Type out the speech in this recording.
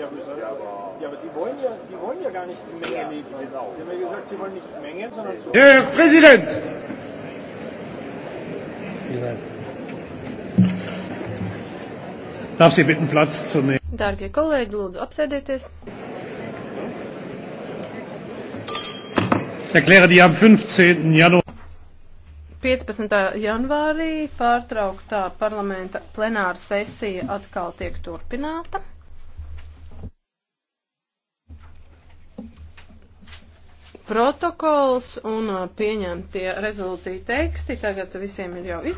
Ja, wieso? Ja, aber, ja, aber die, wollen ja, die wollen ja gar nicht die Menge ja, liefern. Genau. Die haben ja gesagt, sie wollen nicht Menge, sondern so. Herr Präsident! Darf Sie bitten, Platz zu nehmen? Darbie kolēģi, lūdzu, apsēdieties. Erkläre die am 15. Januar. 15. janvārī pārtrauktā parlamenta plenāra sesija atkal tiek turpināta. protokols un pieņemtie rezolūcija teksti tagad visiem ir jau izdevumi.